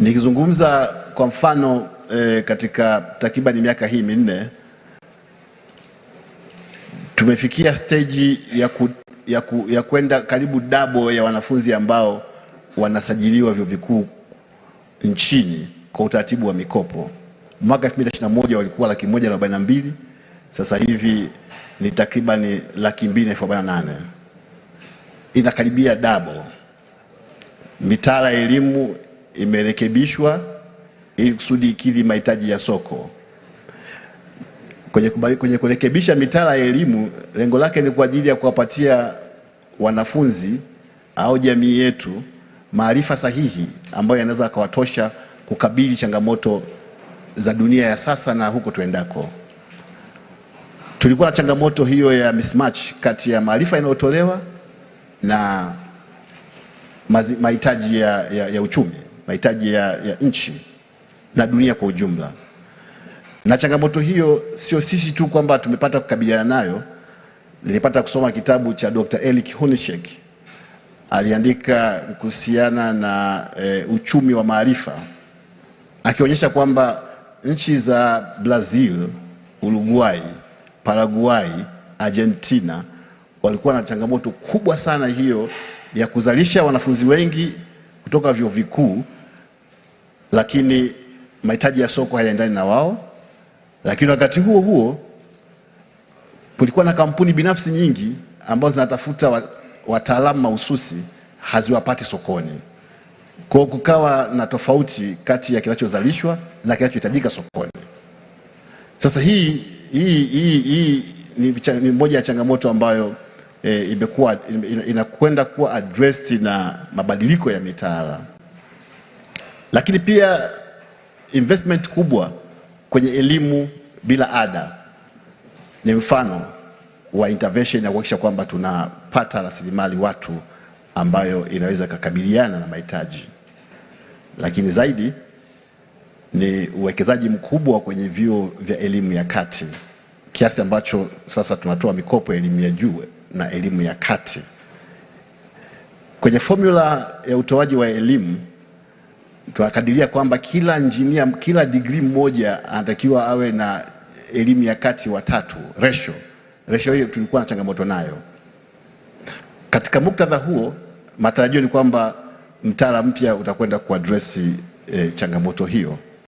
Nikizungumza kwa mfano e, katika takribani miaka hii minne tumefikia steji ya, ku, ya, ku, ya kwenda karibu dabo ya wanafunzi ambao wanasajiliwa vyuo vikuu nchini kwa utaratibu wa mikopo. Mwaka 2021 walikuwa laki moja na arobaini na mbili, sasa hivi ni takribani laki mbili na arobaini na nane, inakaribia dabo. Mitaala ya elimu imerekebishwa ili kusudi ikidhi mahitaji ya soko. Kwenye, kwenye kurekebisha mitaala ya elimu, lengo lake ni kwa ajili ya kuwapatia wanafunzi au jamii yetu maarifa sahihi ambayo yanaweza akawatosha kukabili changamoto za dunia ya sasa na huko tuendako. Tulikuwa na changamoto hiyo ya mismatch kati ya maarifa yanayotolewa na mahitaji ya, ya, ya uchumi, mahitaji ya, ya nchi na dunia kwa ujumla. Na changamoto hiyo sio sisi tu kwamba tumepata kukabiliana nayo. Nilipata kusoma kitabu cha Dr. Elik Hunishek aliandika kuhusiana na e, uchumi wa maarifa akionyesha kwamba nchi za Brazil, Uruguay, Paraguay, Argentina walikuwa na changamoto kubwa sana hiyo ya kuzalisha wanafunzi wengi kutoka vyuo vikuu, lakini mahitaji ya soko hayaendani na wao. Lakini wakati huo huo kulikuwa na kampuni binafsi nyingi ambazo zinatafuta wataalamu mahususi, haziwapati sokoni. Kwa kukawa na tofauti kati ya kinachozalishwa na kinachohitajika sokoni. Sasa hii, hii, hii, hii ni moja ya changamoto ambayo e, imekuwa inakwenda kuwa addressed na mabadiliko ya mitaala, lakini pia investment kubwa kwenye elimu bila ada ni mfano wa intervention ya kuhakikisha kwamba tunapata rasilimali watu ambayo inaweza kukabiliana na mahitaji, lakini zaidi ni uwekezaji mkubwa kwenye vyuo vya elimu ya kati kiasi ambacho sasa tunatoa mikopo ya elimu ya juu na elimu ya kati. Kwenye formula ya utoaji wa elimu tunakadiria kwamba kila injinia, kila degree mmoja anatakiwa awe na elimu ya kati watatu, ratio ratio hiyo tulikuwa na changamoto nayo. Katika muktadha huo, matarajio ni kwamba mtaala mpya utakwenda kuaddress eh, changamoto hiyo.